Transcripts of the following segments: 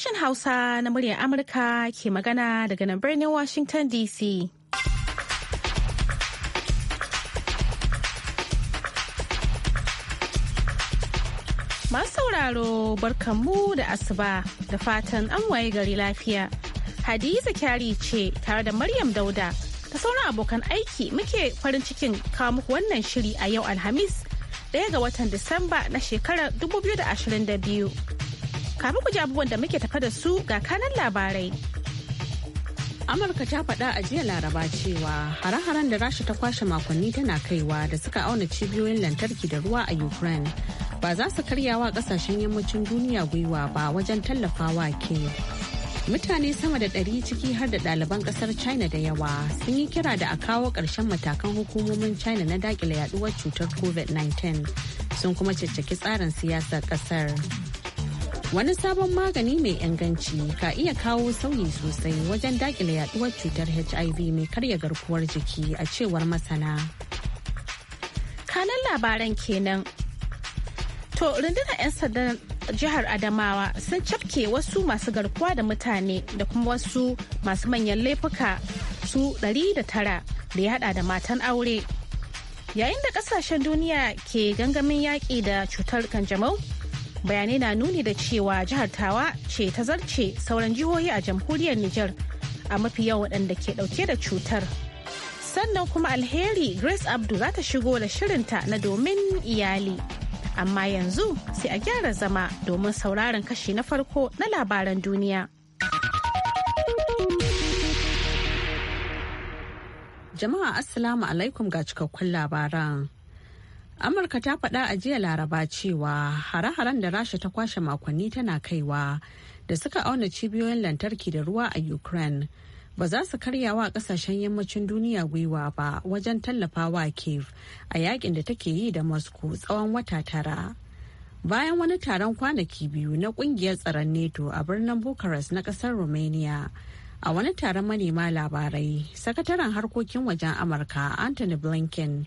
Sashen Hausa na muryar Amurka ke magana daga nan birnin Washington DC. Masu sauraro barkanmu da asuba da fatan an waye gari lafiya. Hadiza kyari ce tare da Maryam Dauda ta sauran abokan aiki muke farin cikin kawo muku wannan shiri a yau Alhamis daya ga watan Disamba na shekarar 2022. Kafin ku ji abubuwan da muke tafa da su ga kanan labarai. Amurka ta faɗa a jiya Laraba cewa hare-haren da Rasha ta kwashe makonni tana kaiwa da suka auna cibiyoyin lantarki da ruwa a Ukraine ba za su karyawa ƙasashen yammacin duniya gwiwa ba wajen tallafawa ke. Mutane sama da ɗari ciki har da ɗaliban ƙasar China da yawa sun yi kira da a kawo ƙarshen matakan hukumomin China na daƙile yaɗuwar cutar COVID-19 sun kuma caccaki tsarin siyasar ƙasar. wani sabon magani mai inganci ka iya kawo sauyi sosai wajen dakile yaduwar cutar hiv mai karya garkuwar jiki a cewar masana kanan labaran kenan to rundunar 'yan sandan jihar adamawa sun cafke wasu masu garkuwa da mutane da kuma wasu masu manyan laifuka su 109 da ya hada da matan aure yayin da kasashen duniya ke gangamin yaƙi da cutar kanjamau bayanai na nuni da cewa jihar tawa ce ta zarce sauran jihohi a jamhuriyar niger a mafi yawan waɗanda ke ɗauke da cutar sannan kuma alheri grace abdu za ta shigo da shirinta na domin iyali amma yanzu sai a gyara zama domin sauraron kashi na farko na labaran duniya jama'a assalamu alaikum ga cikakkun labaran amurka ta faɗa a jiya laraba cewa hare-haren da rasha ta kwashe makonni tana kaiwa da suka auna cibiyoyin lantarki da ruwa a ukraine ba za su karya wa kasashen yammacin duniya gwiwa ba wajen tallafawa kiev a yakin da take yi da moscow tsawon wata tara bayan wani taron kwanaki biyu na kungiyar tsaron neto a birnin bucharest na kasar romania a wani taron manema labarai sakataren harkokin wajen amurka anthony blinken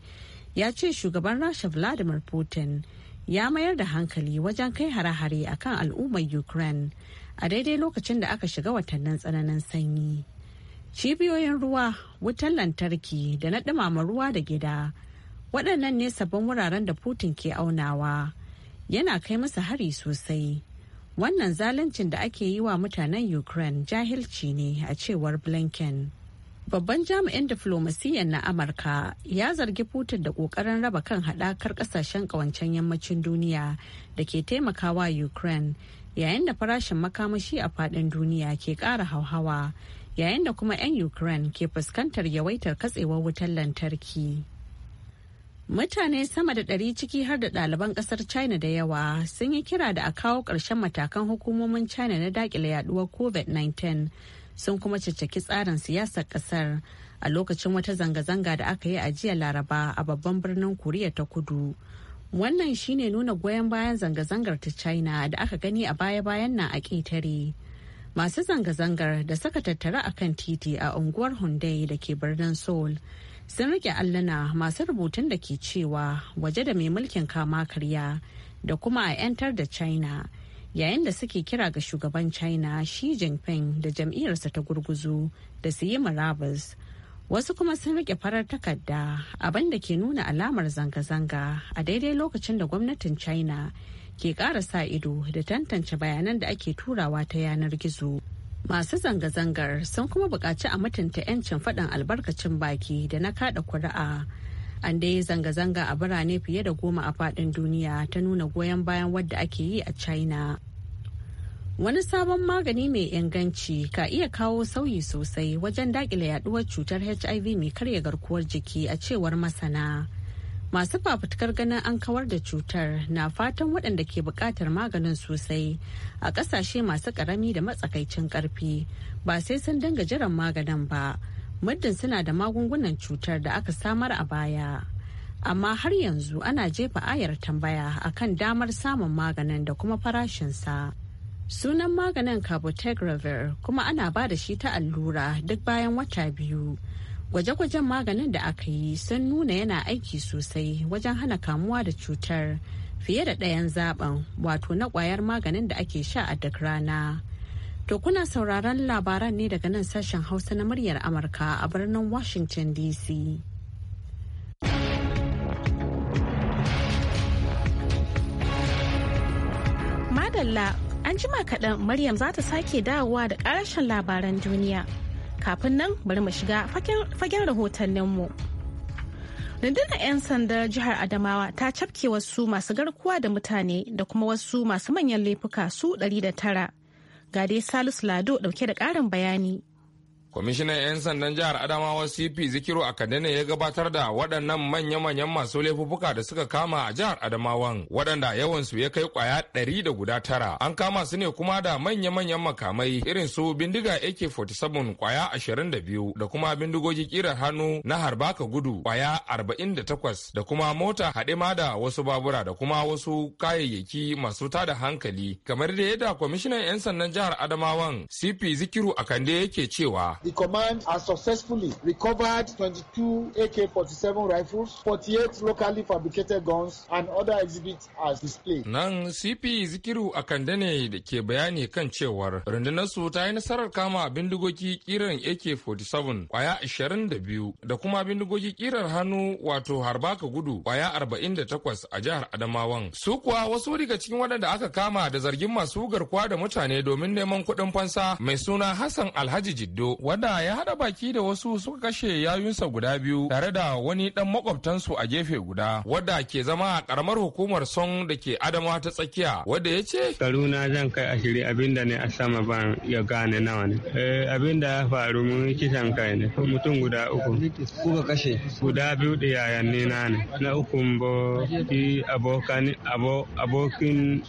ya ce shugaban rasha vladimir putin ya mayar da hankali wajen kai hare-hare a kan al'ummar ukraine a daidai lokacin da aka shiga watannin tsananin sanyi cibiyoyin ruwa wutan lantarki da na ɗumama ruwa da gida waɗannan ne sabbin wuraren da putin ke aunawa yana kai masa hari sosai wannan zaluncin da ake yi wa mutanen ukraine jahilci ne a cewar blinken Babban jami'in diflomasiyyar na Amurka ya zargi Putin da ƙoƙarin raba kan haɗakar ƙasashen ƙawancen yammacin duniya da ke taimakawa Ukraine yayin da farashin makamashi a faɗin duniya ke ƙara hauhawa yayin da kuma 'yan Ukraine ke fuskantar yawaitar katsewar wutar lantarki. Mutane sama da ɗari ciki har da ɗaliban ƙasar China da yawa sun yi kira da a kawo ƙarshen matakan hukumomin China na daƙile yaduwar COVID-19 sun kuma caccaki tsarin siyasar kasar a lokacin wata zanga-zanga da aka yi a jiya laraba a babban birnin koriya ta kudu wannan shine nuna goyon bayan zanga-zangar ta china da aka gani a baya-bayan nan a ƙetare masu zanga-zangar da suka tattara a kan titi a unguwar hyundai da ke birnin seoul sun rike alluna masu rubutun da ke cewa waje da mai mulkin kama karya da kuma a 'yantar da china yayin da suke kira ga shugaban china xi jinping da jam'iyyarsa ta gurguzu da su yi marabas wasu kuma sun rike farar takarda abin da ke nuna alamar zanga-zanga a daidai lokacin da gwamnatin china ke ƙara sa ido da tantance bayanan da ake turawa ta yanar gizo masu zanga-zangar sun kuma buƙaci a mutunta 'yancin faɗin albarkacin baki da na kaɗa kuri'a an dai zanga-zanga a birane fiye da goma a faɗin duniya ta nuna goyon bayan wadda ake yi a china wani sabon magani mai inganci ka iya kawo sauyi sosai wajen dakile yaduwar cutar hiv mai karya garkuwar jiki a cewar masana masu fafutukar ganin an kawar da cutar na fatan waɗanda ke buƙatar maganin sosai a ƙasashe masu ƙarami da matsakaicin ƙarfi ba sai sun dinga jiran maganin ba muddin suna da magungunan cutar da aka samar a baya amma har yanzu ana jefa ayar tambaya akan damar samun maganin da kuma farashinsa sunan maganin cabotegravir kuma ana ba da shi ta allura duk bayan wata biyu gwaje-gwajen maganin da aka yi sun nuna yana aiki sosai wajen hana kamuwa da cutar fiye da ɗayan zaben wato na ƙwayar maganin da ake sha a duk rana To kuna sauraron labaran ne daga nan sashen Hausa na muryar Amurka a birnin Washington DC. Madalla an jima kaɗan Maryam za ta sake dawowa da ƙarashin labaran duniya. Kafin nan bari mu shiga fagen rahotanninmu. mu. rundunar 'yan sandar jihar adamawa ta cafke wasu masu garkuwa da mutane da kuma wasu masu manyan laifuka su tara. gade Salisu Lado ɗauke da ƙarin bayani. kwamishinan 'yan sandan jihar adamawa cp zikiru akadene ya gabatar da waɗannan manya-manyan masu laifuffuka da suka kama a jihar adamawan waɗanda yawansu ya kai kwaya ɗari da guda tara an kama su ne kuma da manya-manyan makamai irin su bindiga ak-47 kwaya ashirin da biyu da kuma bindigogi ƙirar hannu na harbaka gudu kwaya arba'in da takwas da kuma mota haɗe da wasu babura da kuma wasu kayayyaki masu ta da hankali kamar da yadda kwamishinan 'yan sandan jihar adamawan cp zikiru akande yake cewa the command has successfully recovered 22 AK-47 rifles, 48 locally fabricated guns, and other exhibits as displayed. Nan CP Zikiru Kande ne da ke bayani kan cewar rundunarsu ta yi nasarar kama bindigogi kiran AK-47 kwaya 22 da kuma bindigogi ƙirar hannu wato harbaka gudu kwaya 48 a jihar Adamawan. Su kuwa wasu daga cikin waɗanda aka kama da zargin masu garkuwa da mutane domin neman kuɗin fansa mai suna Hassan Alhaji Jiddo wanda ya haɗa baki da wasu suka kashe yayunsa guda biyu tare da wani ɗan makwabtansu a gefe guda wadda ke zama a ƙaramar hukumar son da ke adama ta tsakiya wadda ya ce na zan kai ashiri abinda ne a sama ban ya gane nawa ne eh, abinda ya faru mun kisan kai ne mutum guda uku kuka kashe guda biyu da yayan ne na ne na uku bo abokan abokin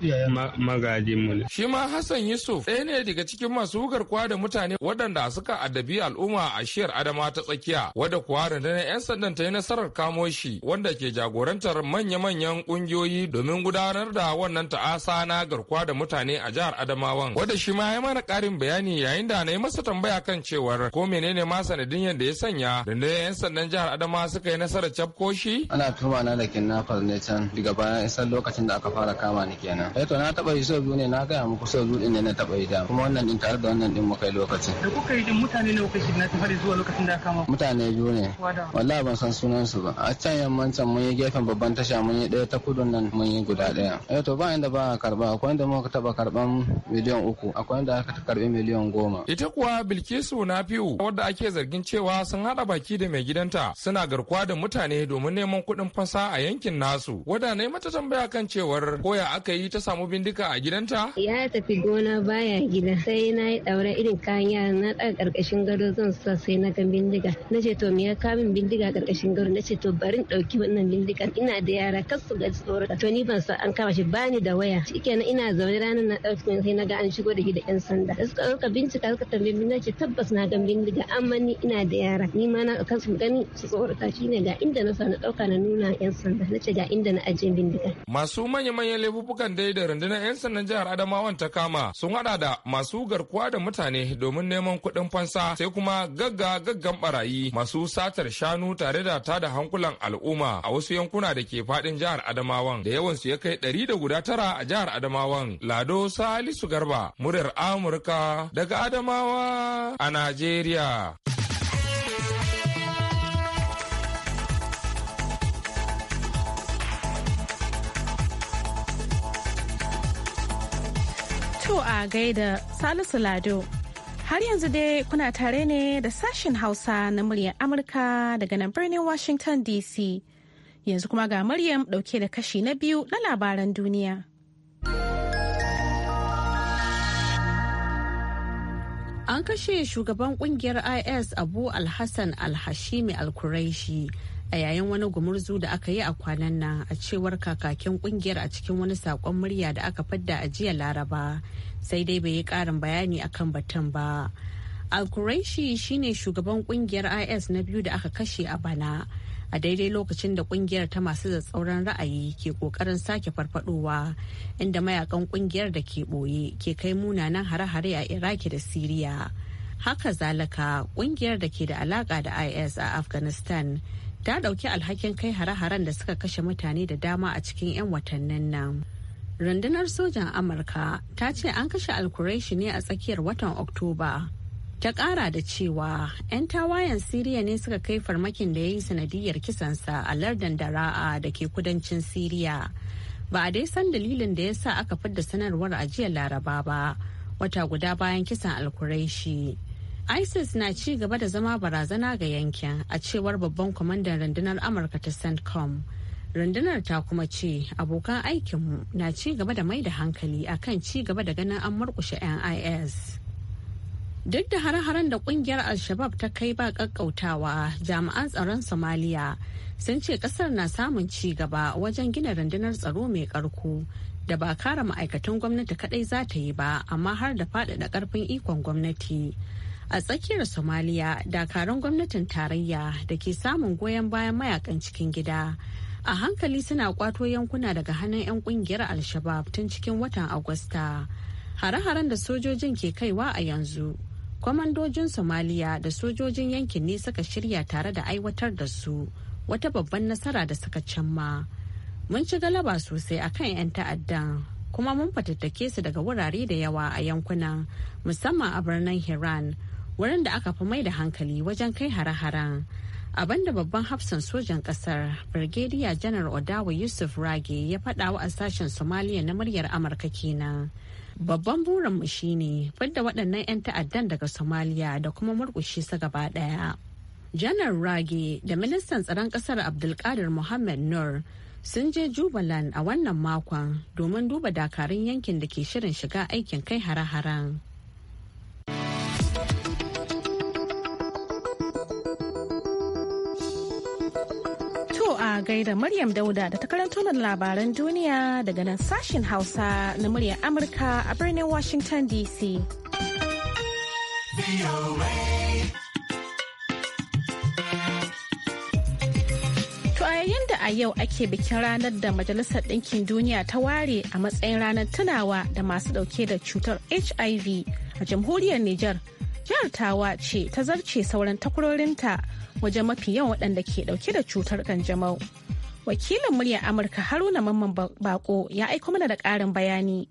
magajin mu ne shi ma hassan yusuf ɗaya ne daga cikin masu garkuwa da mutane waɗanda suka biyu al'umma a shiyar Adama ta tsakiya wadda kuwa rundunar 'yan sandan ta yi nasarar kamo shi wanda ke jagorantar manya-manyan kungiyoyi domin gudanar da wannan ta'asa na garkuwa da mutane a jihar Adamawan wadda shi ma ya mana karin bayani yayin da na yi masa tambaya kan cewar ko menene ma sanadin yadda ya sanya rundunar 'yan sandan jihar Adama suka yi nasarar cafko shi. Ana tuma na da kidnappers ne can daga bayan isan lokacin da aka fara kama ni kenan. Eh to na taba yi sau biyu ne na gaya muku sau biyu ne na taba yi da kuma wannan din tare da wannan din muka yi lokacin. Da kuka yi din mutane mutane ne kuka zuwa lokacin da kama mutane biyu ne wallahi ban san sunan su ba a can yammancin mun yi gefen babban tasha mun yi daya ta kudun nan mun yi guda daya eh to ba inda ba a karba akwai inda muka taba karban miliyan uku akwai inda aka karbi miliyan goma ita kuwa bilkisu na fiu wadda ake zargin cewa sun hada baki da mai gidanta suna garkuwa da mutane domin neman kuɗin fasa a yankin nasu wadda ne mata tambaya kan cewar koya aka yi ta samu bindika a gidanta ya tafi gona baya gida sai na yi daura irin kayan yaran na ɗaga karkashin gado zan sa sai na ga bindiga na ce to me ya min bindiga karkashin gado na ce to bari in dauki wannan bindigan ina da yara kar su gaji tsoro to ni ban san an kama shi bani da waya shikenan ina zaune ranar na dauki sai na ga an shigo da shi da yan sanda da suka dauka bincika suka tambaye na ce tabbas na ga bindiga amma ni ina da yara ni ma na kan su gani su tsorata shine ga inda na sa na dauka na nuna yan sanda na ce ga inda na ajiye bindiga masu manya-manyan laifukan dai da rundunar yan sandan jihar Adamawan ta kama sun hada da masu garkuwa da mutane domin neman kuɗin fansa ƙasa sai kuma gagga gaggan barayi masu satar shanu tare da ta da hankulan al'umma a wasu yankuna da ke fadin jihar Adamawan da yawan su ya kai ɗari da guda tara a jihar Adamawan. Lado Salisu Garba, muryar Amurka daga Adamawa a Najeriya. To a gaida Salisu Lado. Har yanzu dai kuna tare ne da sashen Hausa na muryar Amurka daga nan birnin Washington DC. Yanzu kuma ga Maryam dauke da kashi na biyu na labaran duniya. An kashe shugaban kungiyar IS Abu Alhassan Alhashimi Alkuraishi a yayin wani gumurzu da aka yi a kwanan nan a cewar kakakin kungiyar a cikin wani saƙon murya da aka fadda a jiya laraba sai dai bai yi ƙarin bayani akan batun ba alkuraishi shine shugaban kungiyar is na biyu da aka kashe a bana a daidai lokacin da kungiyar ta masu tsauran ra'ayi ke kokarin sake farfadowa inda mayakan kungiyar da ke boye ke kai munanan hare-hare a iraki da siriya haka zalika kungiyar da ke da alaka da is a afghanistan ta ɗauki alhakin kai hare-haren da suka kashe mutane da dama a cikin 'yan watannin nan. Rundunar sojan Amurka ta ce an kashe alkureshi ne a tsakiyar watan Oktoba. Ta ƙara da cewa 'yan tawayen Siriya ne suka kai farmakin da ya yi sanadiyar kisansa a lardin Dara'a da ke kudancin Siriya. Ba a dai san dalilin da ya sa aka fidda sanarwar a Laraba ba, wata guda bayan kisan alkureshi. isis na ci gaba da zama barazana ga yankin a cewar babban kwamandan rundunar amurka ta centcom rundunar ta kuma ce abokan aikinmu na ci gaba da mai da hankali akan ci gaba da ganin an murkushe nis duk da har haren da kungiyar al-shabab ta kai ba kakkautawa jami'an tsaron somaliya sun ce kasar na samun ci gaba wajen gina rundunar tsaro mai karko da ba kara ma'aikatan gwamnati kadai za ta yi ba amma har da faɗaɗa ƙarfin ikon gwamnati a tsakiyar somaliya dakarun gwamnatin tarayya da ke samun goyon bayan mayakan cikin gida a hankali suna kwato yankuna daga hannun 'yan kungiyar al-shabab tun cikin watan agusta hare-haren da sojojin ke kaiwa a yanzu kwamandojin somaliya da sojojin yankin ne suka shirya tare da aiwatar da su wata babban nasara da suka cimma mun ci galaba sosai akan 'yan ta'addan kuma mun fatattake su daga wurare da yawa a yankunan musamman a birnin Hiran wurin da aka fi mai da hankali wajen kai hare-haren da babban hafsan sojan kasar brigadier janar odawa yusuf rage ya faɗa wa a sashen somaliya na muryar amurka kenan babban burin mu shine fidda waɗannan 'yan ta'addan daga somaliya da kuma murƙushe su gaba ɗaya janar rage da ministan tsaron ƙasar abdulkadir mohammed nur sun je jubaland a wannan makon domin duba dakarun yankin da ke shirin shiga aikin kai hare-haren a gaida Maryam Dauda da ta karanto da labaran duniya daga nan sashen Hausa na muryar Amurka a birnin Washington DC. To a da a yau ake bikin ranar da Majalisar Ɗinkin Duniya ta ware a matsayin ranar tunawa da masu ɗauke da cutar HIV a jamhuriyar Nijar. jihar tawa ce ta zarce sauran takwarorinta wajen mafi yawan waɗanda ke ɗauke da cutar kanjamau wakilin muryar amurka haruna mamman bako ya aiko mana da ƙarin bayani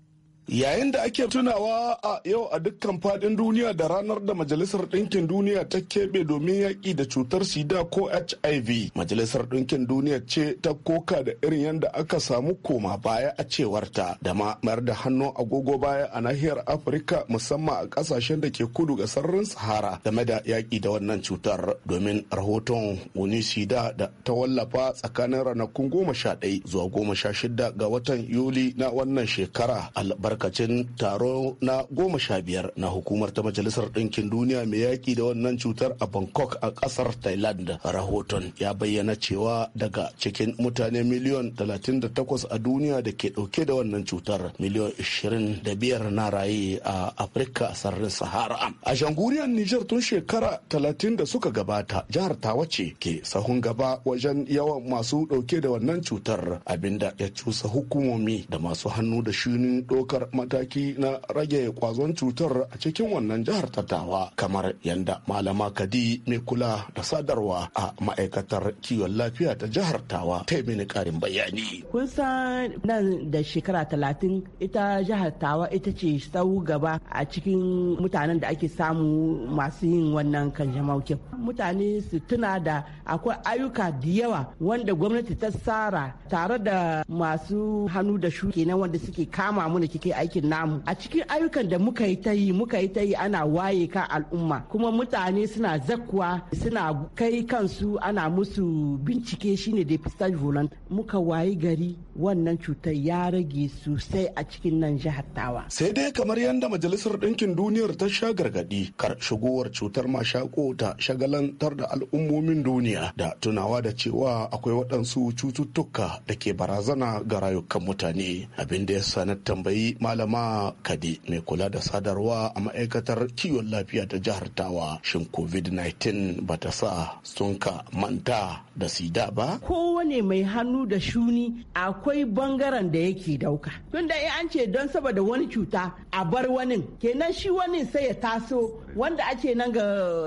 Yayin da ake tunawa a yau a dukkan fadin duniya da ranar da Majalisar Ɗinkin Duniya ta keɓe domin yaƙi da cutar sida ko HIV. Majalisar Ɗinkin Duniya ce ta koka da irin yadda aka samu koma baya a cewarta da ma mayar da hannu agogo baya a nahiyar Afirka musamman a ƙasashen da ke kudu ga sararin Sahara game da yaƙi da wannan cutar domin rahoton wani sida da ta wallafa tsakanin ranakun goma sha ɗaya zuwa goma sha shida ga watan Yuli na wannan shekara albar makacin taro na goma sha biyar na hukumar ta majalisar ɗinkin duniya mai yaƙi da wannan cutar a bangkok a ƙasar thailand rahoton ya bayyana cewa daga cikin mutane miliyon 38 a duniya da ke ɗauke da wannan cutar miliyon 25 na raye a afirka sararin sahara a shanguriyar nijar tun shekara talatin da suka gabata jihar tawa ce ke sahun gaba wajen yawan masu ɗauke da wannan cutar abinda ya cusa hukumomi da masu hannu da shinin ɗaukar mataki na rage kwazon cutar a cikin wannan jihar tattawa kamar yadda malama kadi mai kula da sadarwa a ma'aikatar kiwon lafiya ta jihar tawa ta mini karin bayani. kun san nan da shekara talatin ita jihar tawa ita ce sau gaba a cikin mutanen da ake samu masu yin wannan kanjamau jamaukin mutane su tuna da akwai ayyuka da yawa wanda gwamnati ta tsara tare da masu hannu da shuke na wanda suke kama mu da kike aikin namu a cikin ayyukan da muka yi ta yi muka yi ta yi ana waye kan al'umma kuma mutane suna zakkuwa suna kai kansu ana musu bincike shine pistage volant muka wayi gari wannan cutar ya rage sosai a cikin nan jihar tawa sai dai kamar yadda majalisar ɗinkin duniyar ta sha gargaɗi kar shigowar cutar mashako ta shagalantar da al'ummomin duniya da tunawa da cewa akwai waɗansu cututtuka da ke barazana ga rayukan mutane abin da ya sanar tambayi malama kade mai kula da sadarwa a ma'aikatar kiwon lafiya ta jihar tawa shin covid-19 bata sa sun ka manta da sida ba? Kowane mai hannu da shuni akwai bangaren da yake dauka. Tun da an ce don saboda wani cuta a bar wani kenan shi wani sai ya taso wanda ake nan ga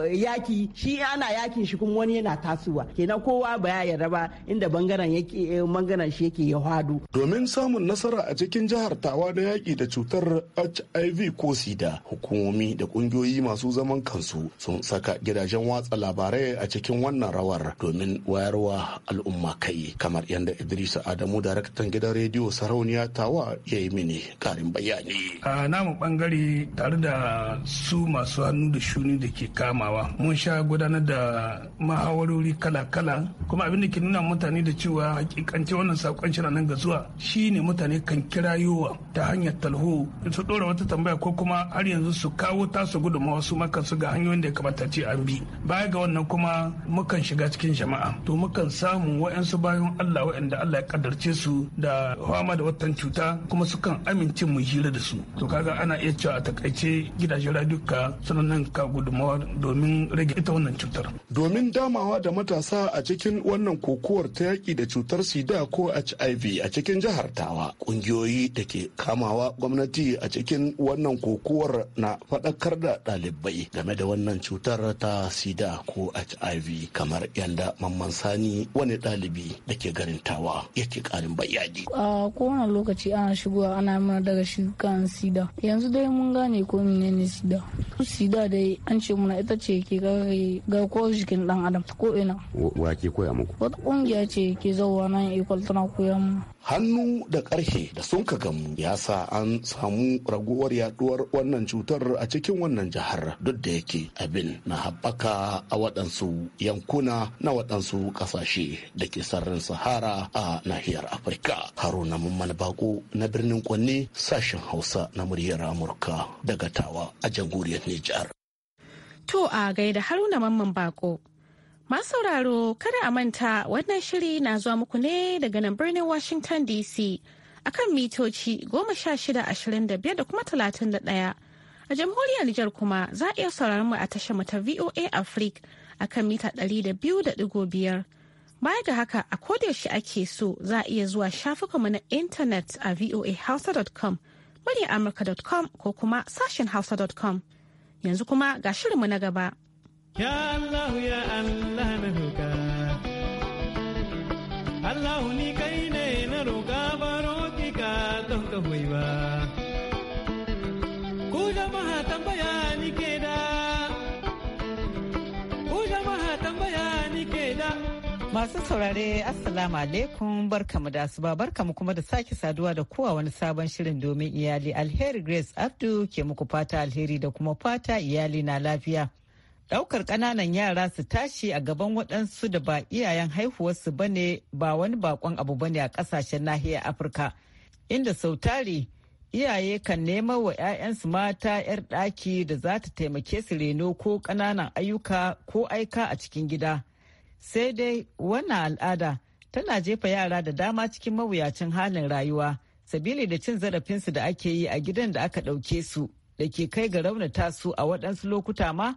yaki shi ana yakin shi kuma wani yana tasowa kenan kowa ba ya yarda ba inda bangaren yake eh, bangaren shi yake ya hadu. Domin samun nasara a cikin jihar Tawa da yaki da cutar HIV ko sida hukumomi da kungiyoyi masu zaman kansu sun saka gidajen watsa labarai a cikin wannan rawar domin wayarwa al'umma kai kamar yadda idrisa adamu daraktan gidan rediyo sarauniya tawa ya yi mini karin bayani a namu bangare tare da su masu hannu da shuni da ke kamawa mun sha gudanar da mahawarori kala-kala kuma abin da ke nuna mutane da cewa hakikance wannan sakon shi nan ga zuwa shine mutane kan kirayowa ta hanyar talho su dora wata tambaya ko kuma har yanzu su kawo tasu gudunmawa su maka su ga hanyoyin da ya kamata ce an bi baya ga wannan kuma mukan shiga cikin jama'a to mukan samu wa'yansu bayan Allah wa'yanda Allah ya kaddarce su da fama da watan cuta kuma sukan amince mu hira da su to kaga ana iya cewa a takaice gidajen radiyuka ka sanannen ka gudunmawa domin rage ita wannan cutar domin damawa da matasa a cikin wannan kokowar ta yaki da cutar sida ko hiv a cikin jihar tawa kungiyoyi da ke kamawa gwamnati a cikin wannan kokowar na faɗakar da ɗalibai game da wannan cutar ta sida ko hiv kamar yanda mamman sani wani ɗalibi da ke garin yake ƙarin bayyadi. a kowane lokaci ana shigowa ana mana daga shukan sida yanzu dai mun gane ko ne sida sida dai an ce muna ita ce ke kare garkuwar jikin dan adam ko ina. wa ke koya muku. wata ƙungiya ce ke na nan ikwal tana koya mu hannu da ƙarhe da sun ka gamu ya sa an samu raguwar yaduwar wannan cutar a cikin wannan jihar duk da yake abin na haɓaka a waɗansu yankuna na waɗansu ƙasashe da ke sararin sahara a nahiyar afirka haruna Mamman bako na birnin kwanne sashen hausa na muryar amurka daga tawa a jamhuriyar nijar to a gaida haruna mamman bako Masu sauraro kada a manta wannan shiri na zuwa muku ne daga nan birnin Washington DC a kan mitoci goma sha shida ashirin da kuma talatin da ɗaya. A jamhuriyar Nijar kuma za a iya sauraron mu a tashar mata ta VOA Africa kan mita ɗari da biyu da Baya ga haka a kodayaushe ake so za a iya zuwa shafukanmu na intanet a voahausa.com, muryar amurka.com ko kuma sashen hausa.com. Yanzu kuma ga shirinmu na gaba. Ya Allah ya Allah na roƙa. Allah ni kai ne na roƙa baro ki ka don ka ba. Ku jama'a tambaya ni ke da. Ku jama'a tambaya ni ke da. Masu saurare Assalamu alaikum barkamu da asuba barkamu kuma da sake saduwa da kowa wani sabon shirin domin iyali alheri Grace Abdu ke muku fata alheri da kuma fata iyali na lafiya. Daukar ƙananan yara su tashi a gaban waɗansu da ba iyayen haihuwarsu ba ne ba wani bakon abu ba ne a ƙasashen nahiyar Afirka, inda sautari iyaye kan nema wa 'ya'yansu mata 'yar ɗaki da za ta taimake su reno ko ƙananan ayyuka ko aika a cikin gida. Sai dai wannan al'ada tana jefa yara da dama cikin mawuyacin halin rayuwa, sabili da cin zarafinsu da ake yi a gidan da aka ɗauke su, da ke kai ga raunata su a waɗansu lokuta ma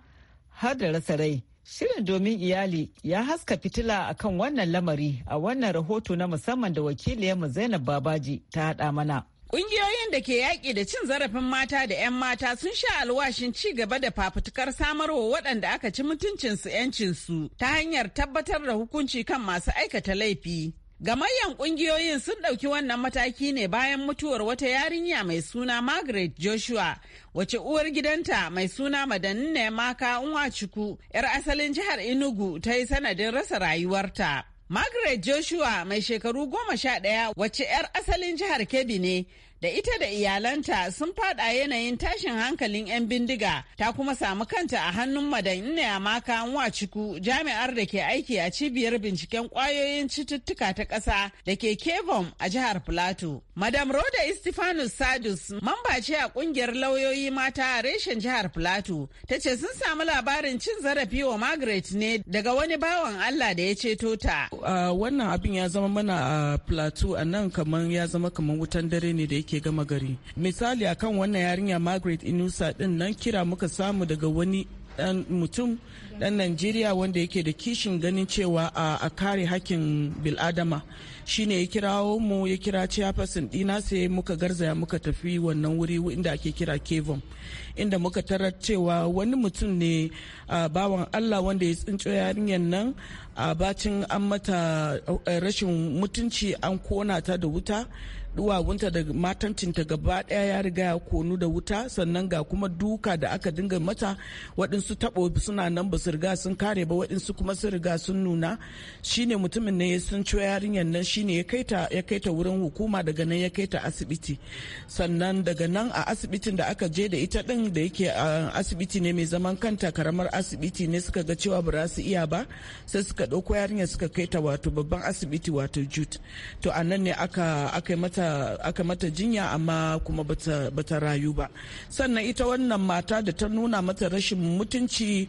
har da rasa rai. Shirin domin iyali ya haska fitila a kan wannan lamari a wannan rahoto na musamman da wakiliyarmu Zainab Babaji ta haɗa mana. Ƙungiyoyin da ke yaƙi da cin zarafin mata da 'yan mata sun sha alwashin ci gaba da fafutukar samarwa waɗanda aka ci mutuncinsu 'yancinsu ta hanyar tabbatar da hukunci kan masu aikata laifi. Gamayyan kungiyoyin sun ɗauki wannan mataki ne bayan mutuwar wata yarinya mai suna Margaret Joshua, wace uwar gidanta mai suna Madanne Maka Nwachukwu, 'yar asalin jihar Enugu ta yi sanadin rasa rayuwarta. Margaret Joshua mai shekaru goma sha ɗaya wace 'yar asalin jihar Kebbi ne da ita da iyalanta sun fada yanayin tashin hankalin 'yan bindiga ta kuma samu kanta a hannun madan maka ciku jami'ar da ke aiki a cibiyar binciken kwayoyin cututtuka ta ƙasa da ke kebom a jihar plateau Madam Roda Istifanus Sadus, mamba ce a kungiyar lauyoyi mata a reshen jihar Plateau, ta ce sun samu labarin cin zarafi wa Margaret ne daga wani bawan Allah da ya ceto ta. Wannan abin ya zama mana a Plateau a nan kamar ya zama kamar wutan dare ne da yake gama gari. Misali akan wannan yarinya Margaret Inusa din nan kira muka samu daga wani dan mutum dan najeriya wanda yake da kishin ganin cewa a kare hakkin biladama shine ya kirawo mu ya kira chairperson dina sai muka garzaya muka tafi wannan wuri inda ake kira kevin inda muka tarar cewa wani mutum ne a bawan allah wanda ya tsinco yarinyar nan a bacin an mata rashin mutunci an kona ta da wuta duwagunta da matancinta gaba daya ya riga ya konu da wuta sannan ga kuma duka da aka dinga mata waɗansu taɓo suna nan ba su riga sun kare ba waɗansu kuma sun riga sun nuna shine mutumin ne sun ciwo yarinyar nan shine ya kai ta wurin hukuma daga nan ya kai ta asibiti sannan daga nan a asibitin da aka je da ita din da yake asibiti ne mai zaman kanta karamar asibiti ne suka ga cewa ba su iya ba sai suka ɗauko yarinyar suka kai ta wato babban asibiti wato jute to a nan ne aka aka mata mata aka mata jinya amma kuma bata rayu ba sannan ita wannan mata da ta nuna mata rashin mutunci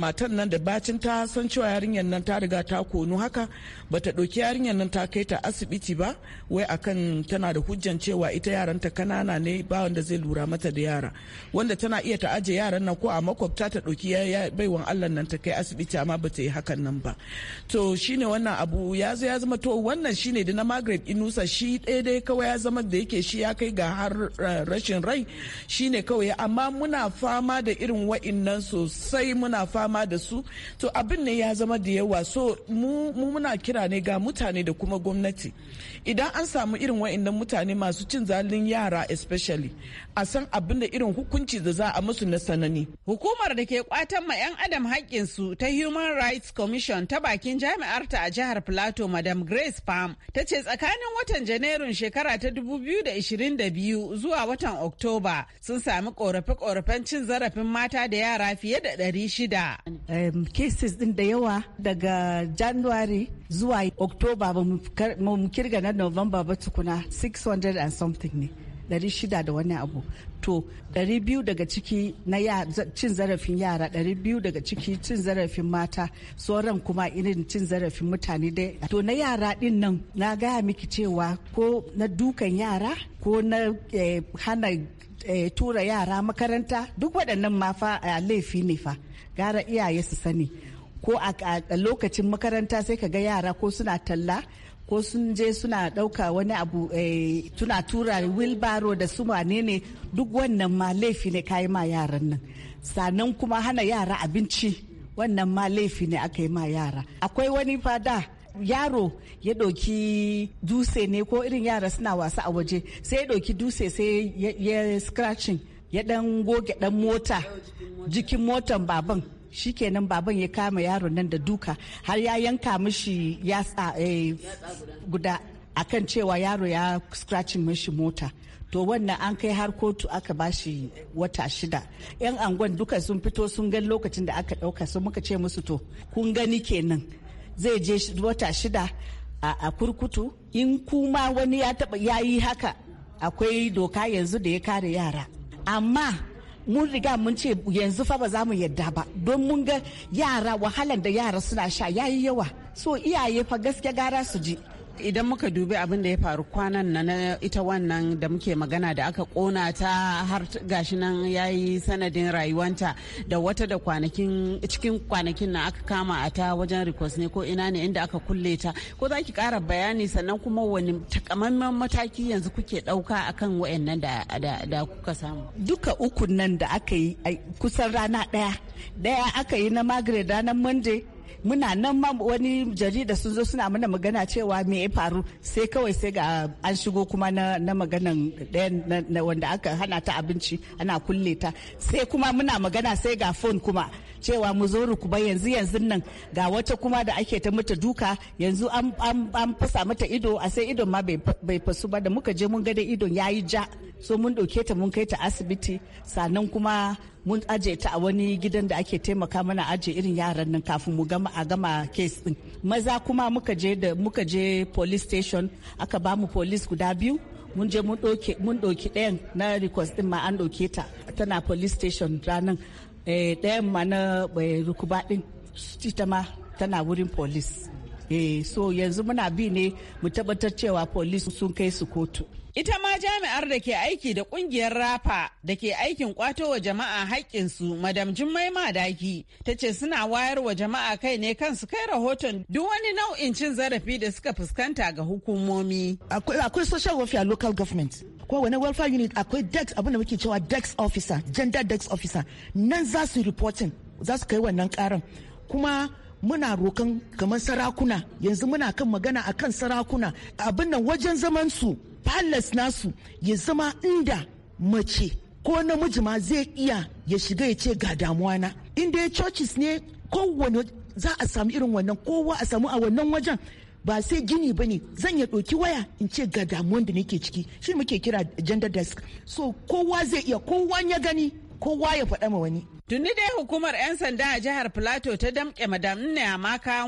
matan nan da bacin ta san cewa yarinyar nan ta riga ta konu haka bata ɗauki yarinyar nan ta kai ta asibiti ba wai akan tana da hujjan cewa ita yaranta kanana ne ba wanda zai lura mata da yara wanda tana iya ta aje yaran nan ko a makwabta ta ɗauki baiwan allah nan ta kai asibiti amma ba ta yi hakan nan ba to shine wannan abu ya ya zama to wannan shine da na margaret inusa shi ɗaya dai kawai ya zama da yake shi ya kai ga har eh, rashin rai shine kawai amma muna fama da irin wa'innan sosai muna muna fama da su to abin ne ya zama da yawa so mu muna kira ne ga mutane da kuma gwamnati idan an samu irin wa'annan mutane masu cin zalin yara especially a san abin da irin hukunci da za a musu na sanani hukumar da ke kwatan ma 'yan adam su ta human rights commission ta bakin jami'arta a jihar plateau madam grace palm ta ce tsakanin watan janairun shekara ta 2022 zuwa watan oktoba sun sami korafe-korafen cin zarafin mata da yara fiye da 600 da cases din da yawa daga january zuwa october ba mu kirga na november ba tukuna 600 and something ne dari shida da wani abu to dari biyu daga ciki na cin zarafin yara dari biyu daga ciki cin zarafin mata sauran kuma irin cin zarafin mutane dai to na yara din nan na gaya miki cewa ko na dukan yara ko na eh, hana eh, tura yara makaranta duk waɗannan ma fa eh, laifi ne fa gara iyaye su sani ko a lokacin makaranta sai ka ga yara ko suna talla ko sun je suna ɗauka wani abu tuna eh, tura wilbaro da su wane ne duk wannan ma laifi ne kayi ma yaran nan sannan kuma hana yara abinci wannan ma laifi ne aka yi ma yara akwai wani fada yaro ya ɗauki dutse ne ko irin yara suna wasa a waje sai ya ɗauki dutse sai ya scratching ya dan goge dan mota jikin motan baban shikenan baban ya kama yaron nan da duka har ya yanka mishi yatsa eh, guda akan cewa yaro ya scratching mishi mota to wannan an kai har kotu aka bashi wata shida yan angon duka sun fito sun gan lokacin da aka dauka sun muka ce musu to kun gani kenan zai je wata shida a kurkutu in kuma wani ya taba yayi haka akwai doka yanzu da ya kare yara amma mun riga mun ce yanzu fa ba za mu yadda ba don mun ga yara wahalan da yara suna sha yayi yawa so iyaye fa gaske gara su ji idan muka dubi abin da ya faru kwanan na ita wannan da muke magana da aka kona ta har gashi nan ya yi sanadin rayuwanta da wata da kwanakin cikin kwanakin na aka kama a ta wajen rikos ne ko ina ne inda aka kulle ta ko za ki kara bayani sannan kuma wani takamaiman mataki yanzu kuke dauka akan wayannan da, da, da kuka samu duka ukun nan da aka yi kusan rana ɗaya daya aka yi na margaret ranar monday muna nan ma wani jarida sun zo suna mana magana cewa me ya faru sai kawai sai ga an shigo kuma na, na maganan wanda aka hana ta abinci ana kulle ta sai kuma muna magana sai ga phone kuma cewa mu zo rukuba yanzu yanzu nan ga wata kuma da ake ta mata duka yanzu an fasa mata ido a sai ido ma bai fasu ba da muka je mun ga da idon yi ja so mun ɗauke ta mun kai ta asibiti sannan kuma mun aje ta a wani gidan da ake taimaka mana aje irin yaran nan kafin mu gama a gama case din maza kuma muka je da muka je police station aka ba mu police guda biyu mun je mun ɗauki ɗayan na request din ma an ɗauke ta tana police station ranan ɗayan eh, ma na rukuba ɗin ita ma tana wurin polis eh, so yanzu muna bi ne mu tabbatar cewa polis sun kai su kotu Ita ma jami'ar da ke aiki da kungiyar rafa da ke aikin kwato wa jama'a haƙƙinsu Madam Jummai Madaki ta ce suna wayar wa jama'a kai ne kansu kai rahoton duk wani nau'in cin zarafi da suka fuskanta ga hukumomi. Akwai social welfare local government Ko wani welfare unit akwai dex abinda muke cewa dex officer gender dex officer nan za su reporting za su kai wannan karan kuma muna rokan kamar sarakuna yanzu muna kan magana a kan sarakuna abin wajen zaman su palace nasu ya zama inda mace ko namiji ma zai iya ya shiga ya ce ga damuwa na inda ya churches ne kowane za a samu irin wannan kowa a samu a wannan wajen ba sai gini ba ne zan ya ɗauki waya in ce ga damuwan da nake ciki shi muke kira gender desk so kowa zai iya kowa ya gani kowa ya faɗa ma wani Tuni dai hukumar 'yan sanda a jihar Plateau ta damƙe madam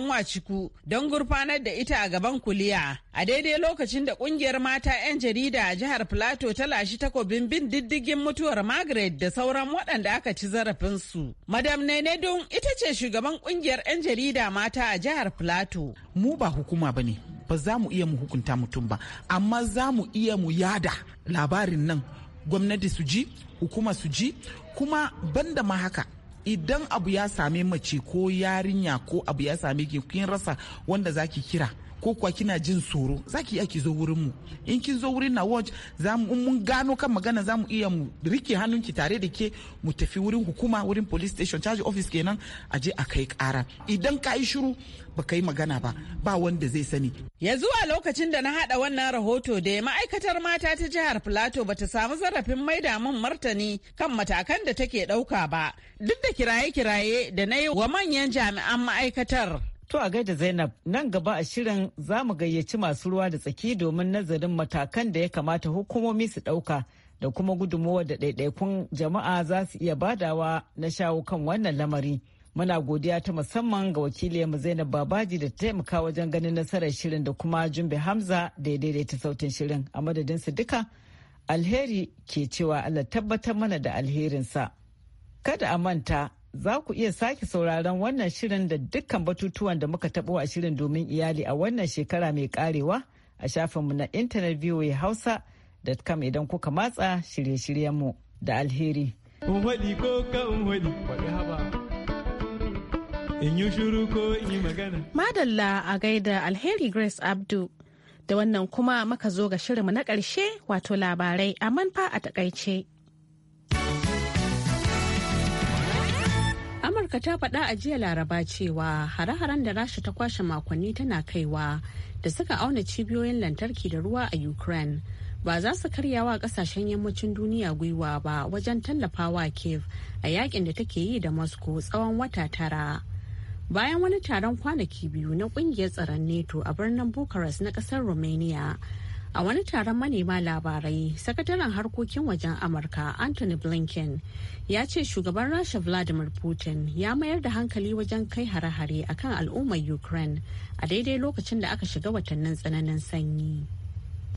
wa ciku don gurfanar da ita a gaban kuliya. A daidai lokacin da kungiyar mata 'yan jarida a jihar Plateau ta lashi takobin bin diddigin mutuwar Margaret da sauran waɗanda aka ci zarafinsu. Madam Nenedun ita ce shugaban kungiyar 'yan jarida mata a jihar Plateau. Mu ba hukuma ba ne, ba za mu iya mu hukunta mutum ba, amma za mu iya mu yada labarin nan gwamnati su ji hukuma su ji kuma banda ma haka idan abu ya same mace ko yarinya ko abu ya same ki kin rasa wanda zaki kira ko kuwa kina jin tsoro za ki iya ki zo wurin mu in kin zo wurin na watch za mu mun gano kan magana za mu iya mu rike hannunki tare da ke mu tafi wurin hukuma wurin police station charge office kenan a je a kai kara idan ka yi shiru ba ka yi magana ba ba wanda zai sani ya zuwa lokacin da na hada wannan rahoto da ma'aikatar mata ta jihar plateau bata samu zarafin maida min martani kan matakan da take dauka ba duk da kiraye-kiraye da na yi wa manyan jami'an ma'aikatar To a gaida Zainab nan gaba a shirin za mu gayyaci masu ruwa da tsaki domin nazarin matakan da ya kamata hukumomi su ɗauka da kuma gudunmowar da ɗaiɗaikun jama'a za su iya badawa na shawo kan wannan lamari. Muna godiya ta musamman ga wakiliyarmu Zainab Babaji da taimaka wajen ganin nasarar shirin da kuma Jumbe Hamza da ya daidaita sautin shirin a madadin duka. Alheri ke cewa Allah tabbatar mana da alherinsa. Kada a manta za ku iya sake sauraron wannan shirin da dukkan batutuwan da muka taɓo a shirin domin iyali a wannan shekara mai karewa a shafinmu na intanet voa hausa.com idan kuka matsa shirye-shiryenmu da alheri. Madalla a gaida alheri Grace Abdu. Da wannan kuma maka zo ga shirinmu na ƙarshe wato labarai a manfa a takaice. amurka ta faɗa a jiya laraba cewa hare-haren da rasha ta kwashe makonni tana kaiwa da suka auna cibiyoyin lantarki da ruwa a ukraine ba za su karya wa kasashen yammacin duniya gwiwa ba wajen tallafawa kiev a yakin da take yi da moscow tsawon wata tara bayan wani taron kwanaki biyu na kungiyar tsaron neto a birnin bucharest na kasar romania A wani taron manema labarai, sakataren harkokin wajen Amurka Anthony Blinken ya ce shugaban Rasha Vladimir Putin ya mayar da hankali wajen kai hare-hare a kan al'ummar Ukraine a daidai lokacin da aka shiga watannin tsananin sanyi.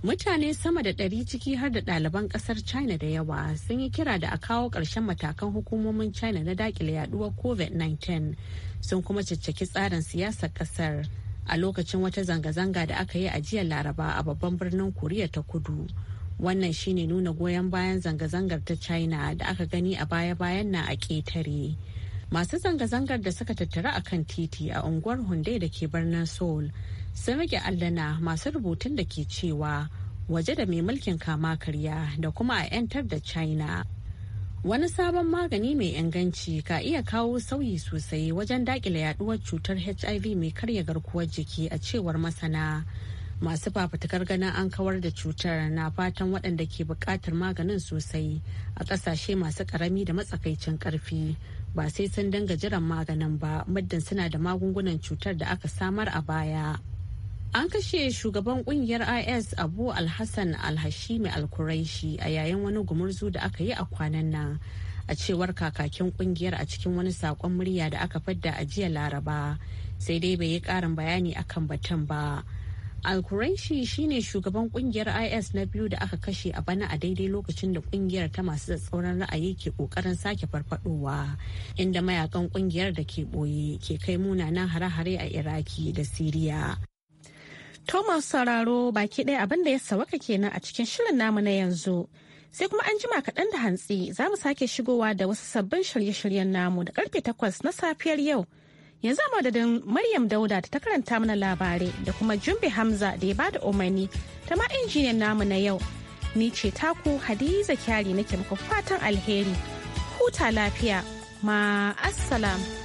Mutane sama da ɗari ciki har da ɗaliban ƙasar China da yawa sun yi kira da a kawo ƙarshen matakan hukumomin China na daƙile yaduwar COVID-19 sun kuma caccaki tsarin siyasar ƙasar. a lokacin wata zanga-zanga da aka yi a jiya laraba a babban birnin koriya ta kudu wannan shine nuna goyon bayan zanga-zangar ta china da aka gani a baya-bayan na a ƙetare masu zanga-zangar da suka tattara a kan titi a unguwar hundai da ke birnin seoul sun rike allana masu rubutun da ke cewa waje da mai mulkin kama karya da kuma a 'yantar da china wani sabon magani mai inganci ka iya kawo sauyi sosai wajen dakile yaduwar cutar hiv mai karya garkuwar jiki a cewar masana masu fafutukar ganin an kawar da cutar na fatan waɗanda ke buƙatar maganin sosai a ƙasashe masu ƙarami da matsakaicin ƙarfi ba sai sun dinga jiran maganin ba muddin suna da magungunan cutar da aka samar a baya. An kashe shugaban kungiyar IS Abu Alhassan Alhashimi Alkuraishi a yayin wani gumurzu da aka yi a kwanan nan. A cewar kakakin kungiyar a cikin wani saƙon murya da aka fadda a jiya Laraba, sai dai bai yi ƙarin bayani akan batun ba. Alkuraishi shine shugaban kungiyar IS na biyu da aka kashe a bana a daidai lokacin da kungiyar ta masu tsauran ra'ayi ke ƙoƙarin sake farfadowa inda mayakan kungiyar da ke boye ke kai munanan hare-hare a Iraki da Siriya. Thomas Sauraro baki ɗaya abin da ya sawaka kenan a cikin shirin namu na yanzu. Sai kuma an jima kaɗan da hantsi za mu sake shigowa da wasu sabbin shirye-shiryen namu da karfe takwas na safiyar yau. Yanzu a madadin Maryam Dauda ta karanta mana labarai da kuma Jumbe Hamza da ya bada umarni ta ma injiniyan namu na yau. Ni ce taku Hadiza Kyari nake muku fatan alheri. Huta lafiya. Ma